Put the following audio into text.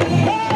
Yeah.